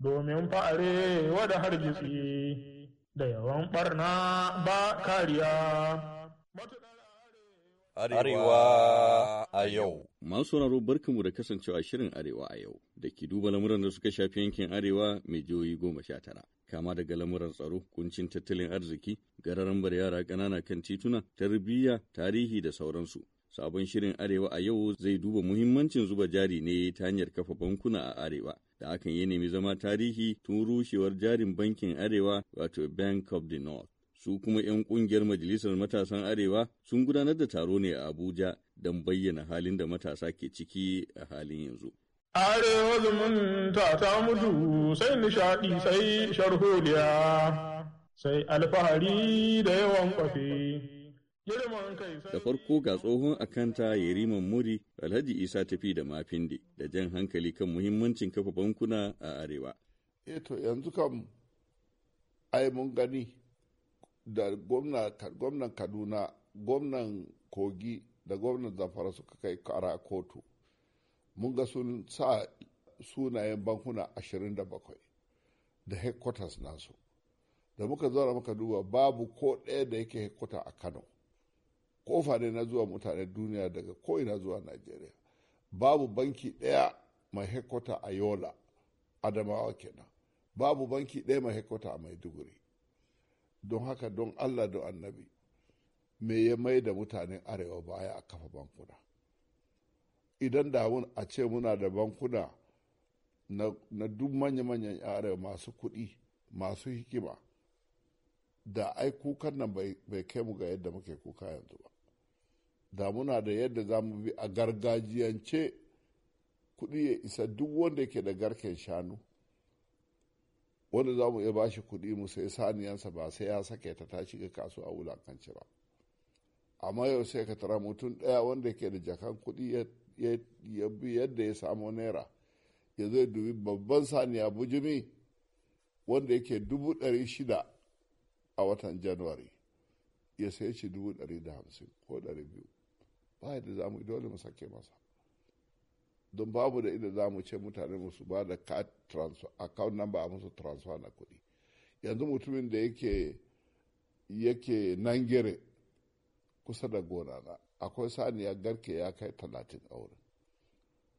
domin fa'are wada hargitsi da yawan ɓarna ba kariya. Arewa a yau. Masu raro barkanmu da kasancewa shirin Arewa a yau da ke duba lamuran da suka shafi yankin Arewa mai jihohi goma sha tara. Kama daga lamuran tsaro, kuncin tattalin arziki, gararan bar yara ƙanana kan tituna, tarbiyya, tarihi da sauransu. Sabon shirin Arewa a yau zai duba muhimmancin zuba jari ne ta hanyar kafa bankuna a Arewa. da akan yi nemi zama tarihi tun rushewar jarin bankin Arewa wato Bank of the North. Su kuma 'yan kungiyar Majalisar Matasan Arewa sun gudanar da taro ne a Abuja don bayyana halin da matasa ke ciki a halin yanzu. Arewa zumunta ta mutu sai nishaɗi sai sharholiya sai alfahari da yawan kwafe. Da farko ga tsohon akanta Yeriman Muri Alhaji Isa tafi da mafinde da jan hankali kan muhimmancin kafa bankuna a Arewa. Eto eh yanzu kam ai mun gani da gwamnan Kaduna, gwamnan Kogi da gwamnan Zamfara suka kai kara kotu. Mun ga sun sa sunayen bankuna 27 da headquarters nasu. Da muka zara maka duba babu ko ɗaya da yake headquarters a Kano. kofa ne na zuwa mutanen duniya daga ko'ina zuwa najeriya babu banki daya mai hekwata a yola adamawa kenan babu banki daya mai hekwata a maiduguri don haka don allah don annabi me ya mai da mutanen arewa baya a kafa bankuna idan da a ce muna da bankuna na, na duk manya-manyan arewa masu kuɗi masu hikima da ai kukan nan bai kai mu ga yadda muke kuka yanzu ba da muna da yadda za mu bi a gargajiyance kuɗi ya isa duk wanda ke da garken shanu wanda za mu iya ba shi kuɗi mu sai saniyansa ba sai ya sake ta tashi ga kasuwa a wulakanci ba amma yau sai ka tara mutum ɗaya wanda ke da jakan kuɗi ya bi yadda ya samu naira ya zai dubi babban saniya bujumi wanda yake dubu ɗari shida a watan january ya sai shi dubu ɗari da hamsin ko ɗari biyu ba yadda za mu dole mu sake masa don babu da inda za mu ce mutane musu ba da account number a musu transfer na kuɗi yanzu mutumin da yake yake nan gere kusa da gona na akwai saniya garke ya kai talatin aure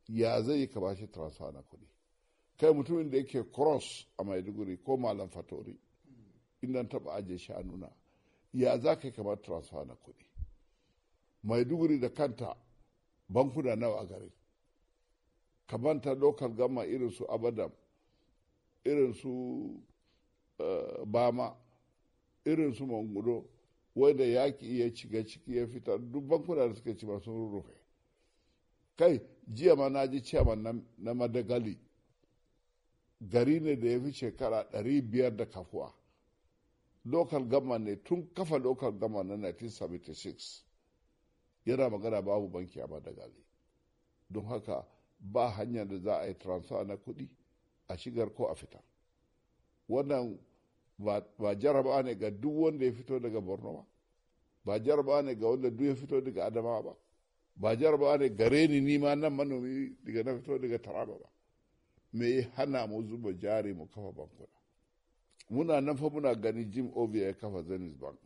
ya zai yi kabashi transfer na kuɗi kai mutumin da yake cross a maiduguri ko malam fatori idan taɓa ajiye nuna ya za ka kamar transfer na kuɗi maiduguri da kanta bankuna nawa a gari kamanta local gama irin su abadam irin su eh, bama irin su mangudo wanda yaƙi ya shiga ciki ya fita duk bankuna da suka ci ba sun rufe kai jiya ma na ji ciyaman na madagali gari ne da ya fi shekara 500 da kafuwa local government ne tun kafa local government na 1976 yana magana babu banki a madagali don haka ba hanyar da za a yi transfer na kuɗi a shigar ko a fita wannan ba jaraba ne ga duk wanda ya fito daga borno ba ba jaraba ne ga wanda duk ya fito daga adamawa ba ba jaraba ne gare ni nima nan manomi daga na fito daga taraba ba me hana mu zuba jari mu kafa bankuna muna nan fa muna gani jim ovia ya kafa zenith bank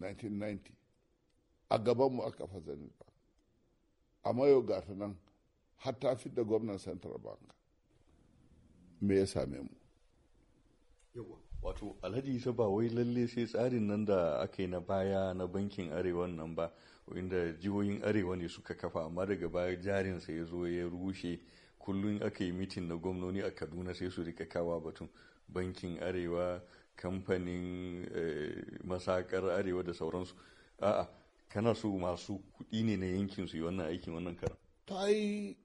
1990 a gabanmu a kafa zenith bank a mayo gata nan har ta fi da gwamnan central bank me ya same mu wato alhaji isa ba wai lalle sai tsarin nan da aka yi na baya na bankin arewa nan ba inda jihohin arewa ne suka kafa amma daga baya jarinsa ya zo ya rushe kullum aka yi mitin na gwamnoni a kaduna sai su rika kawa batun bankin arewa kamfanin eh, masakar arewa da sauransu a'a kana so masu kuɗi ne na yankin su yi wannan aikin wannan karan ta yi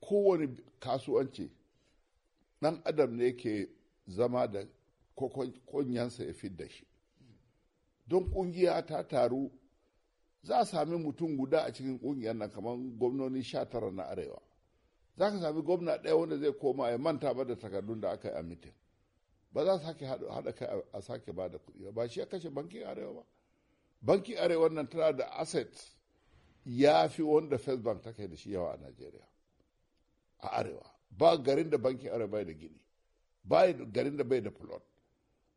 kowane kasuwanci ɗan adam ne ke zama da kunyansa ya da shi don ƙungiya ta taru za a sami mutum guda a cikin ƙungiyar nan kamar gwamnoni sha na arewa za ka sami gwamna ɗaya wanda zai koma ya manta ba da takardun da aka yi a mitin ba za su sake haɗa kai a sake ba da kuɗi ba shi ya kashe bankin arewa ba bankin arewa nan tana da asset ya fi wanda first bank ta kai da shi yawa a najeriya a arewa ba garin da bankin arewa bai da gini ba garin da bai da plot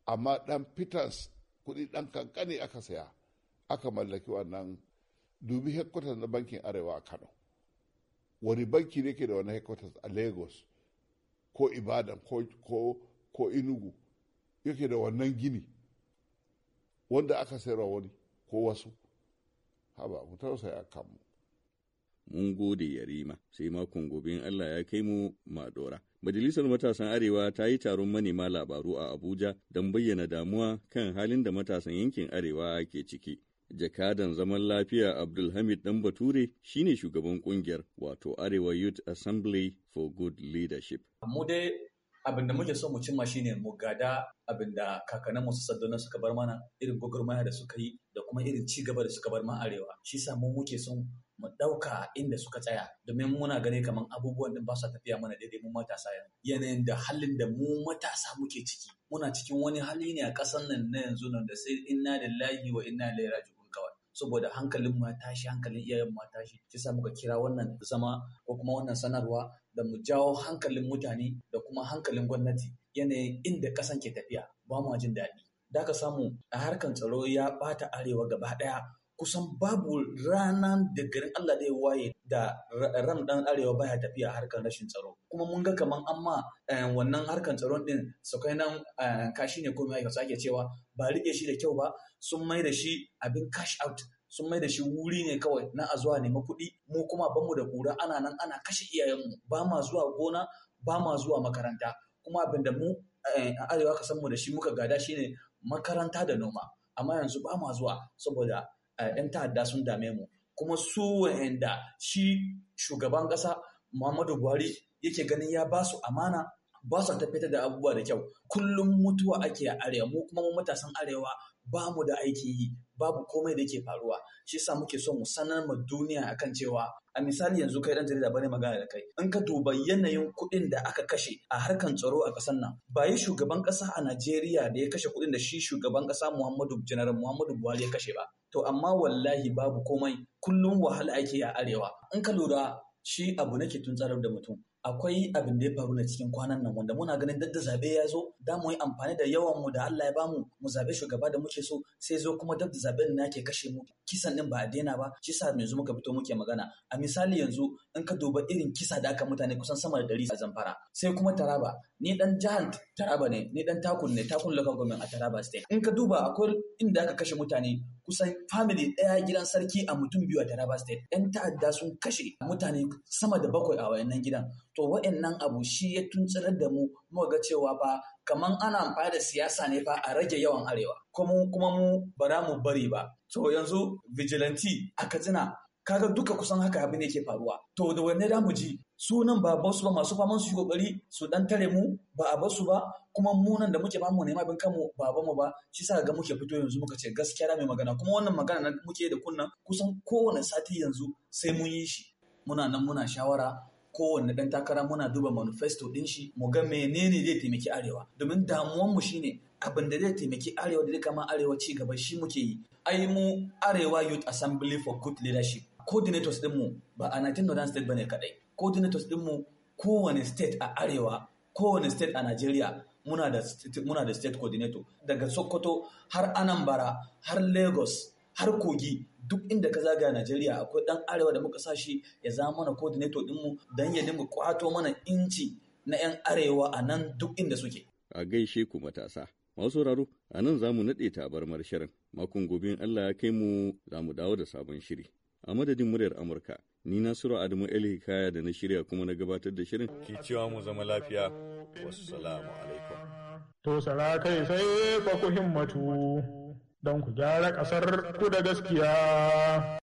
amma dan peters kuɗi dan kankani aka saya aka mallaki wannan dubi headquarters na bankin arewa a kano wani banki ne ke da wani headquarters a lagos ko ibadan ko inugu yake da wannan gini wanda aka sayarwa wani ko wasu haba mu tausaya kanmu mun gode yarima sai makon gobe in Allah ya kai mu madora Majalisar Matasan Arewa ta yi taron manema labaru a Abuja don bayyana damuwa kan halin da matasan yankin Arewa ke ciki. Jakadan zaman lafiya Abdulhamid Dan Bature ne shugaban ƙungiyar, wato Arewa Youth Assembly for Good Leadership. Mu dai abin da muke so mu cimma shine mu gada abin da kakanan mu sadduna suka bar mana irin gwagwarmaya da suka yi da kuma irin ci gaba da suka bar ma arewa. Shi sa mu muke son mu ɗauka inda suka tsaya domin muna gani kamar abubuwan da ba sa tafiya mana daidai mu matasa yanzu yanayin da halin da mu matasa muke ciki muna cikin wani hali ne a ƙasar nan na yanzu nan da sai inna lillahi wa inna ilaihi raji'un saboda hankalin mu tashi hankalin iyayen mu ya tashi shi sa muka kira wannan zama ko kuma wannan sanarwa da mu jawo hankalin mutane da kuma hankalin gwamnati yanayin inda kasan ke tafiya ba mu jin daɗi da ka samu a harkan tsaro ya ɓata arewa gaba ɗaya kusan babu ranar da garin Allah da ya waye da ran dan arewa baya tafiya harkar rashin tsaro kuma mun ga kaman amma eh, wannan harkar tsaron din su kai nan eh, kashi ne komai aka sake cewa ba rike shi da kyau ba sun mai da shi abin cash out sun mai da shi wuri ne kawai na a zuwa nema kuɗi mu kuma mu da kura ana nan ana kashe iyayenmu ba ma zuwa gona ba ma zuwa makaranta kuma abin da mu eh, arewa ka san mu da shi muka gada shine makaranta da noma amma yanzu ba ma zuwa saboda 'yan ta'adda sun dame mu kuma su wa'anda shi shugaban ƙasa Muhammadu Buhari yake ganin ya ba su amana ba su tafiyar da abubuwa da kyau kullum mutuwa ake a arewa mu kuma mu matasan arewa ba mu da aiki yi babu komai da ke faruwa shi yasa muke so mu sanar ma duniya akan cewa a misali yanzu kai dan jarida bane magana da kai in ka duba yanayin kuɗin da aka kashe a harkan tsaro a ƙasar nan ba yi shugaban ƙasa a Najeriya da ya kashe kuɗin da shi shugaban ƙasa Muhammadu Janar Muhammadu Buhari ya kashe ba to amma wallahi babu komai kullum wahala ake a arewa in ka lura shi abu nake tun tsarar da mutum akwai abin da ya faru na cikin kwanan nan wanda muna ganin dadda zabe ya zo da mu yi amfani da yawan mu da Allah ya bamu mu zabe shugaba da muke so sai zo kuma dadda zaben na ke kashe mu kisan din ba a daina ba shi sa yanzu muka fito muke magana a misali yanzu in ka duba irin kisa da aka mutane kusan sama da ɗari a Zamfara sai kuma Taraba ni dan jihar Taraba ne ni dan Takun ne Takun local government a Taraba state in ka duba akwai inda aka kashe mutane kusan family ɗaya gidan sarki a mutum biyu a Taraba State. 'Yan ta'adda sun kashe mutane sama da bakwai a wayannan gidan. To wayannan abu shi ya tuntsirar da mu muka ga cewa fa kaman ana amfani da siyasa ne fa a rage yawan arewa. Kuma kuma mu ba mu bari ba. To yanzu vigilante a Katsina kaga duka kusan haka abin yake faruwa to da wanne da mu ji sunan nan ba basu ba masu faman su kokari su dan tare mu ba a basu ba kuma mu nan da muke bamu nema abin kanmu ba ba mu ba shi sa ga muke fito yanzu muka ce gaskiya da mai magana kuma wannan magana na muke da kunnan kusan kowane sati yanzu sai mun yi shi muna nan muna shawara kowanne dan takara muna duba manifesto ɗin shi mu ga menene zai taimaki arewa domin damuwan mu shine abin da zai taimaki arewa da zai kama arewa ci gaba shi muke yi ai mu arewa youth assembly for good leadership coordinators dinmu ba a 19 northern state bane kadai coordinators dinmu kowane state a arewa kowane state a Najeriya muna da muna da state coordinator daga Sokoto har Anambra har Lagos har Kogi duk inda ka zagaya Najeriya akwai dan arewa da muka sashi ya zama mana coordinator dinmu dan ya dinga kwato mana inci na 'yan arewa a nan duk inda suke. A gaishe ku matasa. Masu sauraro, a nan za mu naɗe tabarmar shirin. Makon gobe Allah ya kai mu za mu dawo da sabon shiri. a madadin muryar Amurka. Ni Nasiru Adamu El Hikaya da na shirya kuma na gabatar da shirin. Ki cewa mu zama lafiya. wasu salamu alaikum. To sara kai sai ba ku himmatu don ku gyara ƙasar ku da gaskiya.